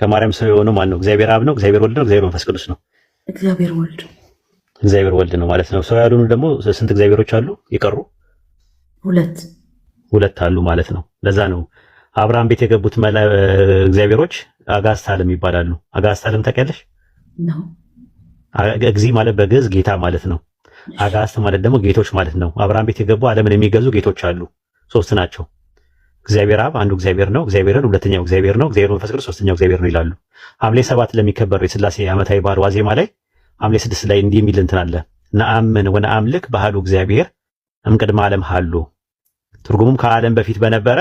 ከማርያም ሰው የሆነው ማን ነው? እግዚአብሔር አብ ነው? እግዚአብሔር ወልድ ነው? እግዚአብሔር መንፈስ ቅዱስ ነው? እግዚአብሔር ወልድ እግዚአብሔር ወልድ ነው ማለት ነው። ሰው ያልሆኑ ደግሞ ስንት እግዚአብሔሮች አሉ? የቀሩ ሁለት ሁለት አሉ ማለት ነው። ለዛ ነው አብርሃም ቤት የገቡት እግዚአብሔሮች አጋስታልም ይባላሉ። አጋስታልም ታውቂያለሽ? እግዚ ማለት በግዕዝ ጌታ ማለት ነው። አጋስት ማለት ደግሞ ጌቶች ማለት ነው። አብርሃም ቤት የገቡ ዓለምን የሚገዙ ጌቶች አሉ። ሶስት ናቸው። እግዚአብሔር አብ አንዱ እግዚአብሔር ነው፣ እግዚአብሔርን ሁለተኛው እግዚአብሔር ነው፣ እግዚአብሔር መንፈስ ቅዱስ ሶስተኛው እግዚአብሔር ነው ይላሉ። ሐምሌ ሰባት ለሚከበር የስላሴ ዓመታዊ በዓል ዋዜማ ላይ ሐምሌ ስድስት ላይ እንዲህ የሚል እንትን አለ ነአምን ወነአምልክ ባህሉ እግዚአብሔር እምቅድመ ዓለም ሀሉ። ትርጉሙም ከዓለም በፊት በነበረ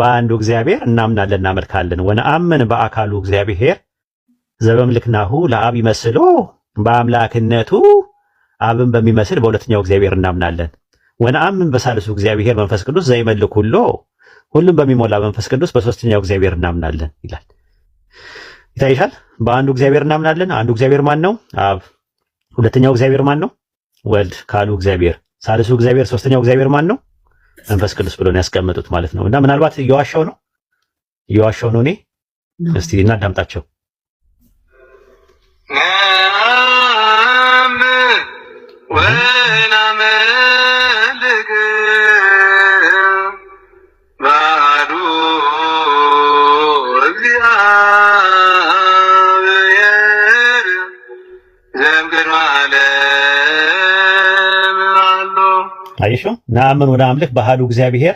በአንዱ እግዚአብሔር እናምናለን እናመልካለን። ወነአምን በአካሉ እግዚአብሔር ዘበምልክናሁ ለአብ ይመስሎ በአምላክነቱ አብን በሚመስል በሁለተኛው እግዚአብሔር እናምናለን። ወነአምን በሳልሱ እግዚአብሔር መንፈስ ቅዱስ ዘይመልክ ሁሎ ሁሉም በሚሞላ መንፈስ ቅዱስ በሶስተኛው እግዚአብሔር እናምናለን ይላል። ይታይሻል። በአንዱ እግዚአብሔር እናምናለን። አንዱ እግዚአብሔር ማን ነው? አብ። ሁለተኛው እግዚአብሔር ማን ነው? ወልድ። ካሉ እግዚአብሔር ሳልሱ እግዚአብሔር፣ ሶስተኛው እግዚአብሔር ማን ነው? መንፈስ ቅዱስ ብሎ ነው ያስቀመጡት ማለት ነው። እና ምናልባት እየዋሻው ነው እየዋሻው ነው። እኔ እስቲ እናዳምጣቸው ወናምን አይሹ ወደ አምልክ ባህሉ እግዚአብሔር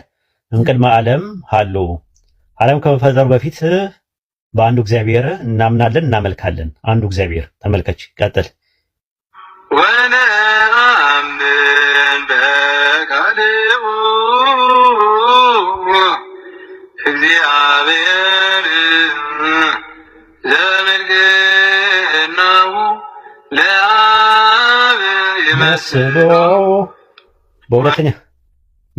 እምቅድመ ዓለም ሃሉ ዓለም ከመፈጠሩ በፊት በአንዱ እግዚአብሔር እናምናለን እናመልካለን። አንዱ እግዚአብሔር ተመልከች፣ ቀጥል ወነአምን በቃልሁ እግዚአብሔር ዘመልክናሁ ለአብ በሁለተኛ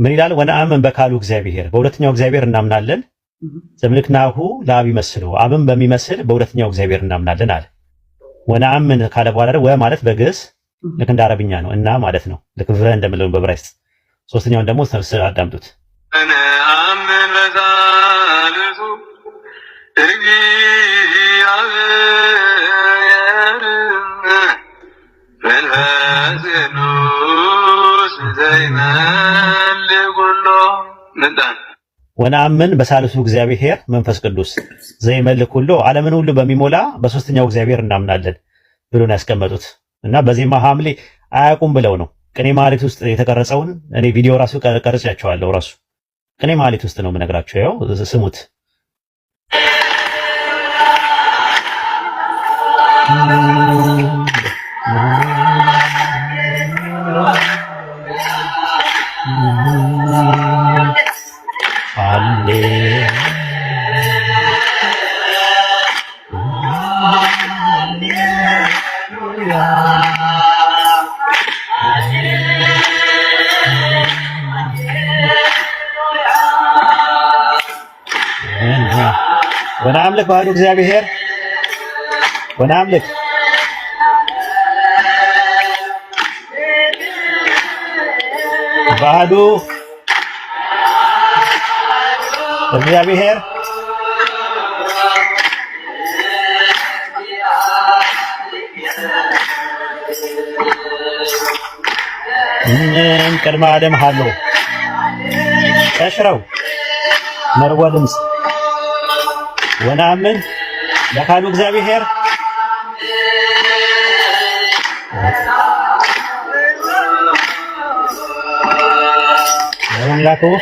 ምን ይላል? ወነአምን በካሉ እግዚአብሔር በሁለተኛው እግዚአብሔር እናምናለን። ዘምልክናሁ ለአብ ይመስሉ አብን በሚመስል በሁለተኛው እግዚአብሔር እናምናለን አለ። ወነአምን ካለ በኋላ ደግሞ ወ ማለት በግዕዝ ልክ እንደ አረብኛ ነው እና ማለት ነው። ልክ ቨ እንደምለው በብራይስ ሶስተኛውን ደግሞ ሰብስ አዳምጡት። ወነአምን ወናምን በሳልሱ እግዚአብሔር መንፈስ ቅዱስ ዘይመልክ ሁሉ ዓለምን ሁሉ በሚሞላ በሶስተኛው እግዚአብሔር እናምናለን ብሎ ነው ያስቀመጡት። እና በዜማ ሐምሌ አያውቁም ብለው ነው ቅኔ ማህሌት ውስጥ የተቀረጸውን እኔ ቪዲዮ ራሱ ቀርጬያቸዋለሁ። ራሱ ቅኔ ማህሌት ውስጥ ነው የምነግራቸው። ያው ስሙት። Thank ባህሪ እግዚአብሔር ወናምልክ ባህዱ እግዚአብሔር ቅድመ ዓለም ሃሎ ቀሽረው መርወ ድምፅ ونعمل لكان مكزابيهير ونعمل لكو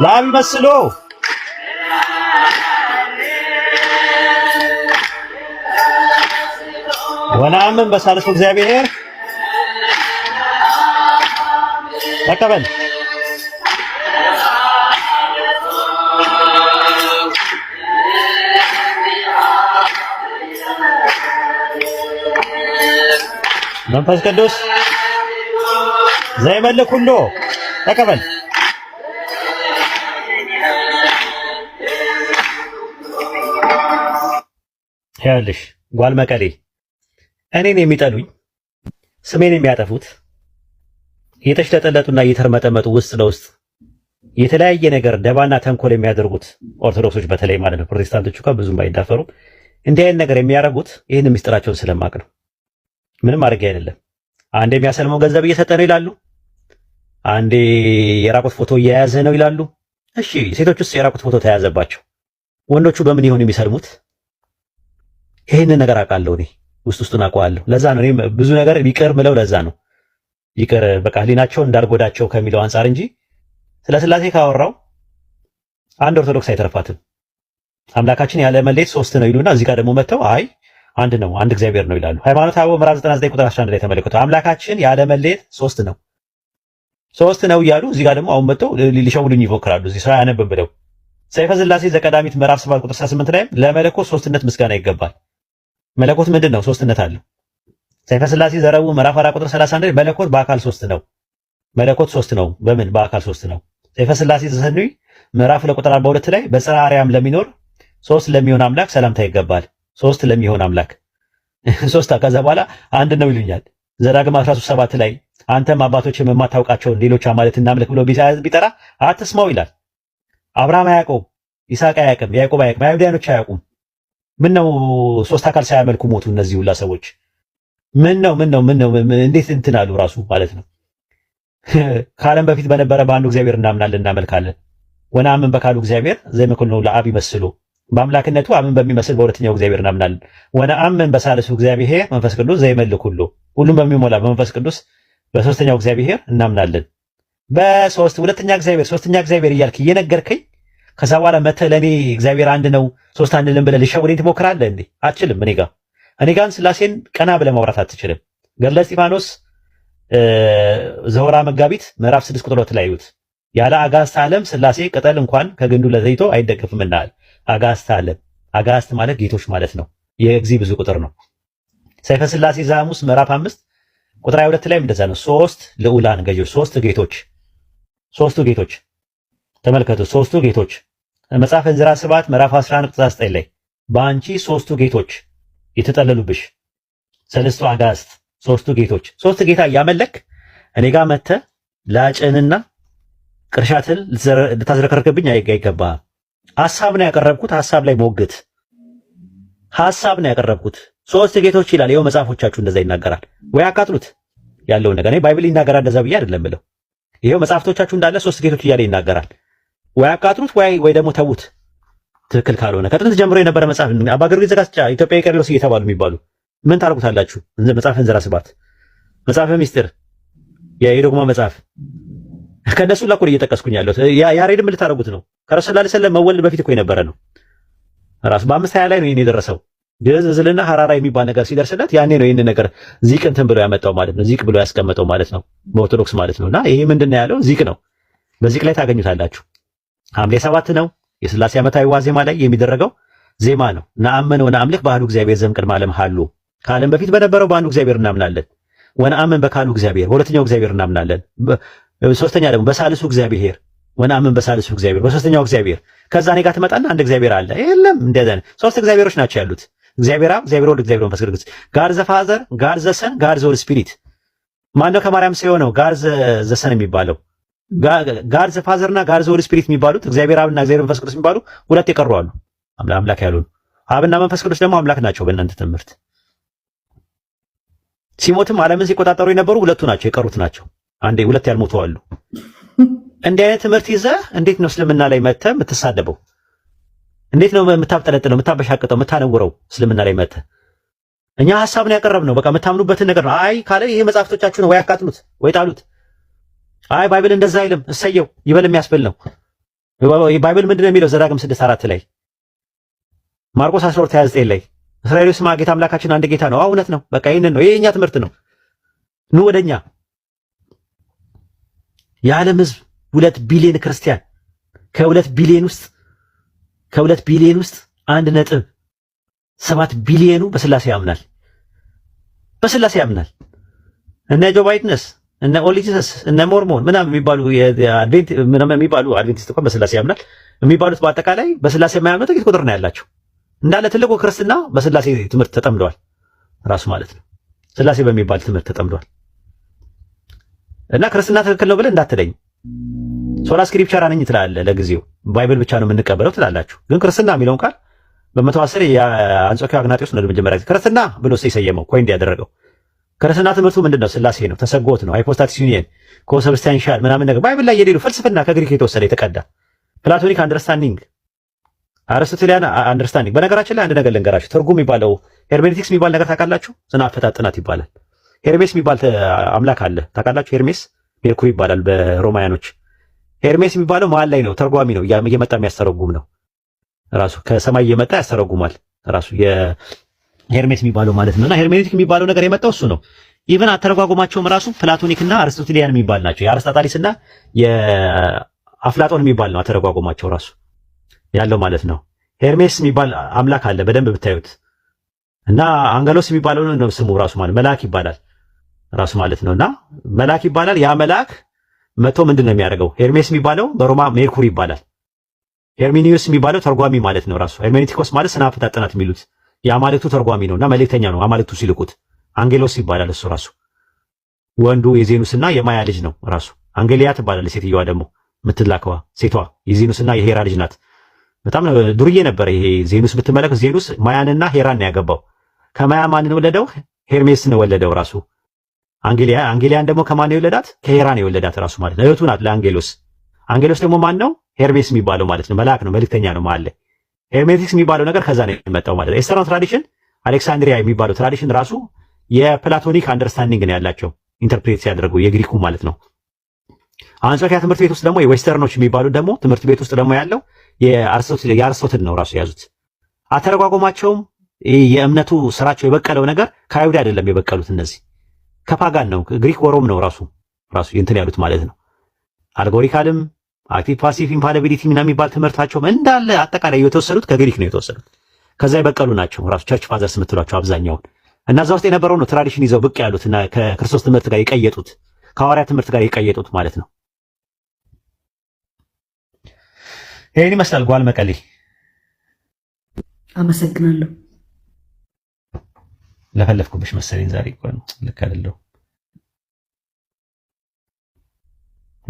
لا المسلو ونعمل بس هذا شو زابيهير ተቀበል። መንፈስ ቅዱስ ዘይመልክ ሁሉ ተቀበል። ያልሽ ጓል መቀሌ እኔን የሚጠሉኝ ስሜን የሚያጠፉት የተሽለጠለጡና የተርመጠመጡ ውስጥ ለውስጥ የተለያየ ነገር ደባና ተንኮል የሚያደርጉት ኦርቶዶክሶች በተለይ ማለት ነው። ፕሮቴስታንቶቹ ጋር ብዙም ባይዳፈሩ እንዲህ አይነት ነገር የሚያደርጉት ይህን ምስጢራቸውን ስለማቅ ነው። ምንም አድርጌ አይደለም። አንዴ የሚያሰልመው ገንዘብ እየሰጠ ነው ይላሉ። አንዴ የራቁት ፎቶ እየያዘ ነው ይላሉ። እሺ ሴቶች ውስጥ የራቁት ፎቶ ተያዘባቸው፣ ወንዶቹ በምን ይሆን የሚሰልሙት? ይህንን ነገር አውቃለሁ እኔ ውስጥ ውስጡን አውቀዋለሁ። ለዛ ነው ብዙ ነገር ቢቀር ምለው ለዛ ነው ይቅር በቃ ህሊናቸውን እንዳልጎዳቸው ከሚለው አንጻር እንጂ ስለ ስላሴ ካወራው አንድ ኦርቶዶክስ አይተርፋትም። አምላካችን ያለ መለየት ሶስት ነው ይሉና እዚህ ጋር ደግሞ መጥተው አይ አንድ ነው አንድ እግዚአብሔር ነው ይላሉ። ሃይማኖተ አበው ምዕራፍ 99 ቁጥር 11 ላይ ተመልከቱ። አምላካችን ያለ መለየት ሶስት ነው ሶስት ነው እያሉ እዚህ ጋር ደግሞ አሁን መጥተው ሊሸውሉኝ ይሞክራሉ። እዚህ ሰው አያነብም ብለው ሰይፈ ስላሴ ዘቀዳሚት ምዕራፍ 7 ቁጥር 18 ላይ ለመለኮት ሶስትነት ምስጋና ይገባል። መለኮት ምንድን ነው? ሶስትነት አለው። ሰይፈ ስላሴ ዘረቡዕ ምዕራፍ አራት ቁጥር 31 መለኮት በአካል ሶስት ነው። መለኮት ሶስት ነው። በምን በአካል ሶስት ነው። ሰይፈ ስላሴ ዘሰኑይ ምዕራፍ ለቁጥር 42 ላይ በጽርሐ አርያም ለሚኖር ሶስት ለሚሆን አምላክ ሰላምታ ይገባል። ሶስት ለሚሆን አምላክ ሶስት ከዛ በኋላ አንድ ነው ይሉኛል። ዘዳግም 13 ሰባት ላይ አንተም አባቶች የማታውቃቸውን ሌሎች አማልክት እናምልክ ብሎ ቢጠራ አትስማው ይላል። አብርሃም አያውቀውም፣ ይስሐቅ አያውቅም፣ ያዕቆብ አያውቅም፣ አይሁዳኖች አያውቁም። ምን ነው ሶስት አካል ሳያመልኩ ሞቱ እነዚህ ሁላ ሰዎች። ምን ነው ምን ነው ምን ነው እንዴት እንትን አሉ ራሱ ማለት ነው። ከዓለም በፊት በነበረ በአንዱ እግዚአብሔር እናምናለን እናመልካለን። ወነአምን በካሉ እግዚአብሔር ዘይመክል ነው ለአብ ይመስሉ በአምላክነቱ አምን በሚመስል በሁለተኛው እግዚአብሔር እናምናለን። አምን በሳልሱ እግዚአብሔር መንፈስ ቅዱስ ዘይመልክ ሁሉ ሁሉም በሚሞላ በመንፈስ ቅዱስ በሶስተኛው እግዚአብሔር እናምናለን። በሶስት ሁለተኛ እግዚአብሔር ሶስተኛ እግዚአብሔር እያልክ እየነገርከኝ ከዛ በኋላ መተህ ለእኔ እግዚአብሔር አንድ ነው ሶስት አንድ ልን ብለህ ልሸውደኝ ትሞክራለህ እንዴ? አችልም እኔ ጋር እኔ ጋን ስላሴን ቀና ብለህ ማውራት አትችልም። ገድለ እስጢፋኖስ ዘወራ መጋቢት ምዕራፍ ስድስት ቁጥር ሁለት ላይ እዩት። ያለ አጋዕዝተ ዓለም ስላሴ ቅጠል እንኳን ከግንዱ ለዘይቶ አይደገፍም እናል። አጋዕዝተ ዓለም አጋስት ማለት ጌቶች ማለት ነው። የእግዚ ብዙ ቁጥር ነው። ሰይፈ ስላሴ ዘሐሙስ ምዕራፍ አምስት ቁጥር 22 ላይ እንደዛ ነው። ሶስት ልዑላን ገዢዎች፣ ሶስት ጌቶች፣ ሶስቱ ጌቶች ተመልከቱ። ሶስቱ ጌቶች መጽሐፈ እንዝራ ስብሐት ምዕራፍ 11 ቁጥር 9 ላይ በአንቺ ሶስቱ ጌቶች የተጠለሉብሽ ሰለስቱ አጋስት ሶስቱ ጌቶች ሶስት ጌታ እያመለክ እኔ ጋር መተ ላጭንና ቅርሻትን ልታዝረከርክብኝ አይገባም። ሀሳብ ነው ያቀረብኩት። ሀሳብ ላይ ሞግት። ሀሳብ ነው ያቀረብኩት። ሶስት ጌቶች ይላል። ይኸው መጽሐፎቻችሁ እንደዛ ይናገራል። ወይ አቃጥሉት ያለውን ነገር እኔ ባይብል ይናገራል እንደዛ ብዬ አይደለም ብለው ይኸው መጽሐፍቶቻችሁ እንዳለ ሶስት ጌቶች እያለ ይናገራል። ወይ አቃጥሉት ወይ ወይ ደግሞ ተዉት። ትክክል ካልሆነ ከጥንት ጀምሮ የነበረ መጽሐፍ አባገሩ ጊዮርጊስ ዘጋስጫ ኢትዮጵያ ቀርሎስ እየተባሉ የሚባሉ ምን ታርጉታላችሁ? መጽሐፈ እንዝራ ስባት መጽሐፈ ሚስጥር፣ የዶግማ መጽሐፍ ከነሱ ላኩል እየጠቀስኩኝ ያለሁት ምን ልታረጉት ነው። ከረሱ ላይ ሰለም መወለድ በፊት እኮ የነበረ ነው። ራሱ በአምስት ሀያ ላይ ነው ይህን የደረሰው ግዕዝ ሐራራ የሚባል ነገር ሲደርስለት ያኔ ነው ይህን ነገር ዚቅ እንትን ብሎ ያመጣው ማለት ነው። ዚቅ ብሎ ያስቀመጠው ማለት ነው፣ በኦርቶዶክስ ማለት ነው። እና ይሄ ምንድን ነው ያለው? ዚቅ ነው። በዚቅ ላይ ታገኙታላችሁ። ሐምሌ ሰባት ነው የስላሴ ዓመታዊ ዋዜማ ላይ የሚደረገው ዜማ ነው። ነአምን ወነአምልክ በአሐዱ እግዚአብሔር ዘእምቅድመ ዓለም ሀሉ ከዓለም በፊት በነበረው በአንዱ እግዚአብሔር እናምናለን። ወነአምን በካሉ እግዚአብሔር በሁለተኛው እግዚአብሔር እናምናለን። ሶስተኛ ደግሞ በሳልሱ እግዚአብሔር ወነአምን በሳልሱ እግዚአብሔር በሶስተኛው እግዚአብሔር ከዛ እኔ ጋር ትመጣና አንድ እግዚአብሔር አለ የለም እንደዛ ሶስት እግዚአብሔሮች ናቸው ያሉት እግዚአብሔር አብ፣ እግዚአብሔር ወልድ፣ እግዚአብሔር መንፈስ ቅዱስ ጋር ዘፋዘር ጋር ዘሰን ጋር ዘወል ስፒሪት ማን ነው ከማርያም ሰው የሆነው ጋር ዘሰን የሚባለው ጋድ ዘ ፋዘር እና ጋድ ዘ ሆሊ ስፒሪት የሚባሉት እግዚአብሔር አብና እግዚአብሔር መንፈስ ቅዱስ የሚባሉ ሁለት የቀሩ አሉ። አምላክ ያሉ አብና መንፈስ ቅዱስ ደግሞ አምላክ ናቸው። በእናንተ ትምህርት ሲሞትም ዓለምን ሲቆጣጠሩ የነበሩ ሁለቱ ናቸው የቀሩት ናቸው። አንዴ ሁለት ያልሞቱ አሉ። እንዲህ አይነት ትምህርት ይዘ እንዴት ነው እስልምና ላይ መተ የምትሳደበው? እንዴት ነው የምታብጠለጥለው፣ የምታበሻቅጠው፣ የምታነውረው እስልምና ላይ መተ እኛ ሀሳብ ነው ያቀረብነው። በቃ የምታምኑበትን ነገር ነው። አይ ካለ ይሄ መጽሐፍቶቻችሁ ነው ወይ አቃጥሉት ወይ ጣሉት አይ ባይብል እንደዛ አይልም እሰየው ይበል የሚያስብል ነው። ባይብል ምንድን ነው የሚለው? ዘዳግም 6:4 ላይ ማርቆስ 12:29 ላይ እስራኤል ስማ ጌታ አምላካችን አንድ ጌታ ነው። እውነት ነው። በቃ ይህንን ነው። ይሄ የኛ ትምህርት ነው። ኑ ወደኛ። የዓለም ህዝብ ሁለት ቢሊዮን ክርስቲያን ከሁለት ቢሊዮን ውስጥ ከሁለት ቢሊዮን ውስጥ አንድ ነጥብ ሰባት ቢሊዮኑ በስላሴ ያምናል። በስላሴ ያምናል። እነ ጆ ባይድነስ እነ ኦሊጂነስ እነ ሞርሞን ምናምን የሚባሉ የአድቬንት ምናምን የሚባሉ አድቬንቲስት እንኳን በስላሴ ያምናል የሚባሉት በአጠቃላይ በስላሴ የማያምኑ ጥቂት ቁጥር ነው ያላቸው። እንዳለ ትልቁ ክርስትና በስላሴ ትምህርት ተጠምደዋል ራሱ ማለት ነው። ስላሴ በሚባል ትምህርት ተጠምደዋል። እና ክርስትና ትክክል ነው ብለህ እንዳትለኝ። ሶላ ስክሪፕቸር አነኝ ትላለ። ለጊዜው ባይብል ብቻ ነው የምንቀበለው ትላላችሁ። ግን ክርስትና የሚለውን ቃል በመቶ አስር የአንጾኪያ አግናጢዎስ ነው ለመጀመሪያ ጊዜ ክርስትና ብሎ ሲሰየመው ኮይንድ ያደረገው ክርስትና ትምህርቱ ምንድን ነው? ስላሴ ነው፣ ተሰጎት ነው፣ ሃይፖስታቲስ ዩኒየን ኮንሰብስታንሻል ምናምን ነገር ባይብል ላይ የሌሉ ፍልስፍና ከግሪክ የተወሰደ የተቀዳ ፕላቶኒክ አንደርስታንዲንግ አርስቶቴሊያን አንደርስታንዲንግ። በነገራችን ላይ አንድ ነገር ልንገራችሁ። ትርጉም የሚባለው ሄርሜኔቲክስ የሚባል ነገር ታውቃላችሁ? ዝና ሐሳብ ጥናት ይባላል። ሄርሜስ የሚባል አምላክ አለ ታውቃላችሁ? ሄርሜስ ሜርኩሪ ይባላል በሮማያኖች። ሄርሜስ የሚባለው መሀል ላይ ነው፣ ተርጓሚ ነው፣ እየመጣ የሚያስተረጉም ነው ራሱ ከሰማይ እየመጣ ያስተረጉማል ራሱ ሄርሜስ የሚባለው ማለት ነውና ሄርሜኔቲክ የሚባለው ነገር የመጣው እሱ ነው። ኢቨን አተረጓጎማቸውም ራሱ ፕላቶኒክና አርስቶቴሊያን የሚባል ናቸው። የአርስታጣሊስና የአፍላጦን የሚባል ነው አተረጓጎማቸው ራሱ ያለው ማለት ነው። ሄርሜስ የሚባል አምላክ አለ በደንብ ብታዩት እና አንገሎስ የሚባለው ነው ስሙ ራሱ ማለት መልአክ ይባላል ራሱ ማለት ነውና መልአክ ይባላል። ያ መልአክ መቶ ምንድን ነው የሚያደርገው? ሄርሜስ የሚባለው በሮማ ሜርኩሪ ይባላል። ሄርሚኒዮስ የሚባለው ተርጓሚ ማለት ነው ራሱ ሄርሜኔቲኮስ ማለት ስነ ጥናት የሚሉት የአማልክቱ ተርጓሚ ነው እና መልእክተኛ ነው። አማልክቱ ሲልኩት አንጌሎስ ይባላል። እሱ ራሱ ወንዱ የዜኑስና የማያ ልጅ ነው። ራሱ አንጌሊያ ትባላለች። ሴትዮዋ ደግሞ የምትላከዋ ሴቷ የዜኑስና የሄራ ልጅ ናት። በጣም ዱርዬ ነበር ይሄ ዜኑስ። ብትመለክ ዜኑስ ማያንና ሄራን ያገባው። ከማያ ማንን ወለደው? ሄርሜስን ወለደው ራሱ። አንጌሊያ አንጌሊያን ደግሞ ከማን የወለዳት? ከሄራን የወለዳት ራሱ ማለት ነው። እህቱ ናት ለአንጌሎስ። አንጌሎስ ደግሞ ማን ነው? ሄርሜስ የሚባለው ማለት ነው። መልአክ ነው፣ መልእክተኛ ነው ማለት ሄርሜቲክስ የሚባለው ነገር ከዛ ነው የመጣው ማለት ነው። ኤስተርን ትራዲሽን አሌክሳንድሪያ የሚባለው ትራዲሽን ራሱ የፕላቶኒክ አንደርስታንዲንግ ነው ያላቸው ኢንተርፕሬት ሲያደርጉ የግሪኩ ማለት ነው። አንጾኪያ ትምህርት ቤት ውስጥ ደግሞ የዌስተርኖች የሚባሉ ደግሞ ትምህርት ቤት ውስጥ ደግሞ ያለው የአርስቶትል ነው ራሱ የያዙት። አተረጓጎማቸውም የእምነቱ ስራቸው የበቀለው ነገር ከአይሁድ አይደለም የበቀሉት እነዚህ ከፓጋን ነው፣ ግሪክ ወሮም ነው ራሱ ራሱ እንትን ያሉት ማለት ነው። አልጎሪካልም አክቲቭ ፓሲቭ ኢምፓላቢሊቲ ምናምን የሚባል ትምህርታቸውም እንዳለ አጠቃላይ የተወሰዱት ከግሪክ ነው የተወሰዱት። ከዛ የበቀሉ ናቸው ራሱ ቸርች ፋዘርስ የምትሏቸው አብዛኛውን እና እዛ ውስጥ የነበረው ነው ትራዲሽን ይዘው ብቅ ያሉት እና ከክርስቶስ ትምህርት ጋር የቀየጡት ከሐዋርያ ትምህርት ጋር የቀየጡት ማለት ነው። ይህን ይመስላል። ጓል መቀሌ አመሰግናለሁ። ለፈለፍኩብሽ መሰለኝ ዛሬ ልክ አይደለሁ።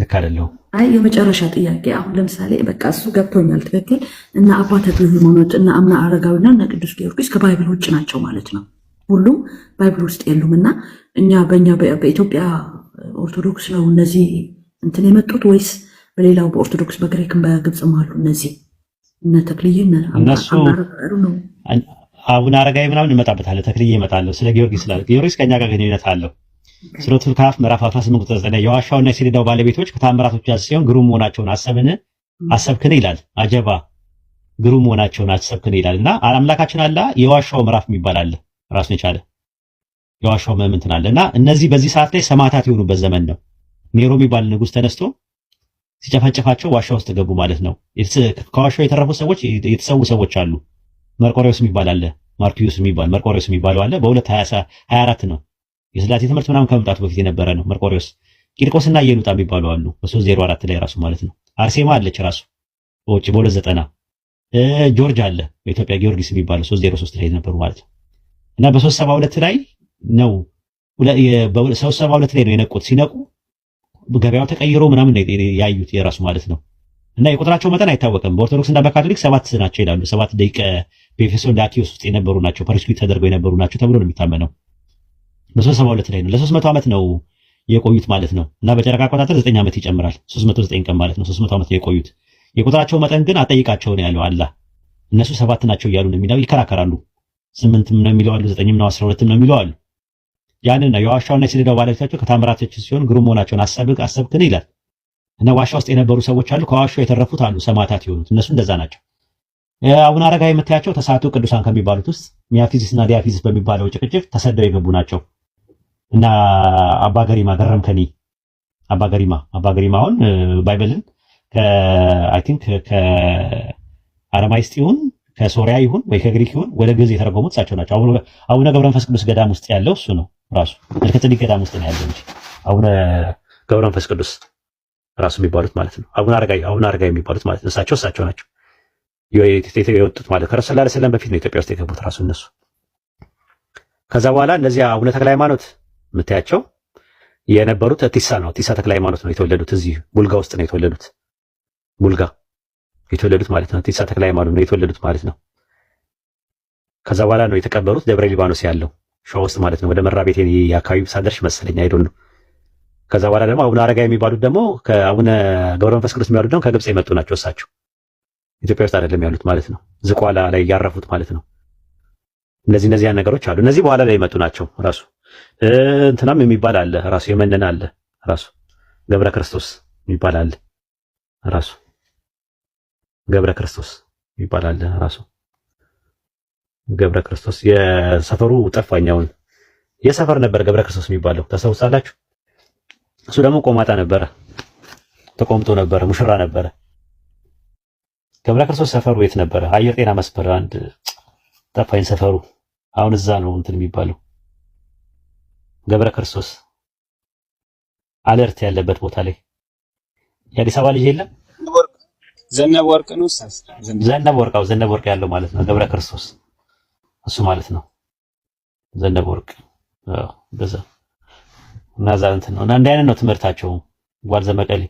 ልክ አይደለሁ። አይ የመጨረሻ ጥያቄ አሁን ለምሳሌ በቃ እሱ ገብቶኛል፣ ትክክል። እና አባ ተክለ ሃይማኖት እና አምና አረጋዊና እና ቅዱስ ጊዮርጊስ ከባይብል ውጭ ናቸው ማለት ነው። ሁሉም ባይብል ውስጥ የሉም እና እኛ በእኛ በኢትዮጵያ ኦርቶዶክስ ነው እነዚህ እንትን የመጡት ወይስ በሌላው በኦርቶዶክስ በግሪክም በግብፅም አሉ እነዚህ እነ ተክልዬ እነሱ አቡነ አረጋዊ ምናምን እንመጣበታለን። ተክልዬ እመጣለሁ ስለ ጊዮርጊስ ስላለ ጊዮርጊስ ከኛ ጋር ግንኙነት አለው። ሱረቱ ካፍ ምዕራፍ 18 ቁጥር 9 የዋሻውና የሰሌዳው ባለቤቶች ከታምራቶች ሲሆን ግሩም መሆናቸውን አሰብን አሰብክን ይላል። አጀባ ግሩም መሆናቸውን አሰብክን ይላል እና አምላካችን አላ የዋሻው ምዕራፍ የሚባል አለ ራሱን የቻለ የዋሻው ምዕምንትን አለ እና እነዚህ በዚህ ሰዓት ላይ ሰማዕታት የሆኑበት ዘመን ነው። ኔሮ የሚባል ንጉስ ተነስቶ ሲጨፈጨፋቸው ዋሻ ውስጥ ገቡ ማለት ነው። ከዋሻው የተረፉ ሰዎች የተሰዉ ሰዎች አሉ። መርቆሪዎስ የሚባል አለ። ማርኪዮስ የሚባል መርቆሪዎስ የሚባለው አለ። በሁለት 24 ነው የስላሴ ትምህርት ምናምን ከመምጣቱ በፊት የነበረ ነው። መርቆሪዎስ ቂርቆስና የሉጣ የሚባሉ አሉ። በሶስት ዜሮ አራት ላይ ራሱ ማለት ነው። አርሴማ አለች ራሱ በውጭ በ ዘጠና ጆርጅ አለ በኢትዮጵያ ጊዮርጊስ የሚባለው ሶስት ላይ ነበሩ ማለት ነው። እና በ372 ላይ ነው ሰው ሰባ ሁለት ላይ ነው የነቁት። ሲነቁ ገበያው ተቀይሮ ምናምን ያዩት የራሱ ማለት ነው። እና የቁጥራቸው መጠን አይታወቅም። በኦርቶዶክስ እና በካቶሊክ ሰባት ናቸው ይላሉ። ሰባት ደቂቀ በኤፌሶን ዳኪዮስ ውስጥ የነበሩ ናቸው፣ ፐርስኪዩት ተደርገው የነበሩ ናቸው ተብሎ ነው የሚታመነው። በሶስት ሰባ ላይ ነው። ለ ለ300 ዓመት ነው የቆዩት ማለት ነው እና በጨረቃ አቆጣጠር 9 ዓመት ይጨምራል። 309 ቀን ማለት ነው። 300 መቶ ዓመት የቆዩት። የቁጥራቸው መጠን ግን አጠይቃቸው ነው ያለው አላህ። እነሱ ሰባት ናቸው እያሉ ነው የሚለው ይከራከራሉ። ስምንትም ነው የሚለው አሉ፣ ዘጠኝም ነው፣ አስራ ሁለትም ነው የሚለው አሉ። ያንን ነው የዋሻውና የሰሌዳው ባለቤታቸው ከታምራቶች ሲሆን ግሩም መሆናቸውን አሰብክ አሰብክን ይላል እና ዋሻ ውስጥ የነበሩ ሰዎች አሉ፣ ከዋሻው የተረፉት አሉ፣ ሰማዕታት የሆኑት እነሱ እንደዛ ናቸው። አቡነ አረጋዊ የምታያቸው ተሳቱ ቅዱሳን ከሚባሉት ውስጥ ሚያፊዚስ እና ዲያፊዚስ በሚባለው ጭቅጭቅ ተሰደው የገቡ ናቸው። እና አባ ገሪማ ገረምከኒ አባ ገሪማ አባ ገሪማውን ባይብልን ከአይ ቲንክ ከአረማይስጥ ይሁን ከሶሪያ ይሁን ወይ ከግሪክ ይሁን ወደ ግዕዝ የተረጎሙት እሳቸው ናቸው። አቡነ ገብረ መንፈስ ቅዱስ ገዳም ውስጥ ያለው እሱ ነው ራሱ መልከ ጼዴቅ ገዳም ውስጥ ነው ያለው እንጂ አቡነ ገብረ መንፈስ ቅዱስ ራሱ የሚባሉት ማለት ነው። አቡነ አረጋዊ አቡነ አረጋዊ የሚባሉት ማለት ነው። እሳቸው እሳቸው ናቸው የወጡት ማለት ከረሱ ሰለም በፊት ነው ኢትዮጵያ ውስጥ የገቡት ራሱ እነሱ። ከዛ በኋላ እነዚያ አቡነ ተክለ ሃይማኖት የምታያቸው የነበሩት ቲሳ ነው። ቲሳ ተክለ ሃይማኖት ነው የተወለዱት። እዚህ ቡልጋ ውስጥ ነው የተወለዱት። ቡልጋ የተወለዱት ማለት ነው። ቲሳ ተክለ ሃይማኖት ነው የተወለዱት ማለት ነው። ከዛ በኋላ ነው የተቀበሩት ደብረ ሊባኖስ ያለው ሸዋ ውስጥ ማለት ነው። ወደ መራ ቤቴ አካባቢ ሳደርሽ መሰለኝ አይዶል ነው። ከዛ በኋላ ደግሞ አቡነ አረጋ የሚባሉት ደግሞ ከአቡነ ገብረ መንፈስ ቅዱስ የሚባሉት ደግሞ ከግብፅ የመጡ ናቸው። እሳቸው ኢትዮጵያ ውስጥ አይደለም ያሉት ማለት ነው። ዝቋላ ላይ እያረፉት ማለት ነው። እነዚህ እነዚያን ነገሮች አሉ። እነዚህ በኋላ ላይ የመጡ ናቸው ራሱ እንትናም የሚባል አለ ራሱ የመነን አለ ራሱ ገብረ ክርስቶስ የሚባል አለ ራሱ ገብረ ክርስቶስ የሚባል አለ ራሱ ገብረ ክርስቶስ የሰፈሩ ጠፋኛውን የሰፈር ነበር ገብረ ክርስቶስ የሚባለው ተሰውሳላችሁ። እሱ ደግሞ ቆማጣ ነበረ፣ ተቆምጦ ነበረ፣ ሙሽራ ነበረ። ገብረ ክርስቶስ ሰፈሩ የት ነበረ? አየር ጤና መስመር አንድ ጠፋኝ ሰፈሩ። አሁን እዛ ነው እንትን የሚባለው ገብረ ክርስቶስ አለርት ያለበት ቦታ ላይ የአዲስ አበባ ልጅ የለም። ዘነበ ወርቅ ነው። ዘነበ ወርቅ አዎ፣ ዘነበ ወርቅ ያለው ማለት ነው። ገብረ ክርስቶስ እሱ ማለት ነው። ዘነበ ወርቅ አው በዛ እና እዛ ነው እና እንደ አይነት ነው ትምህርታቸው ጓል ዘመቀሌ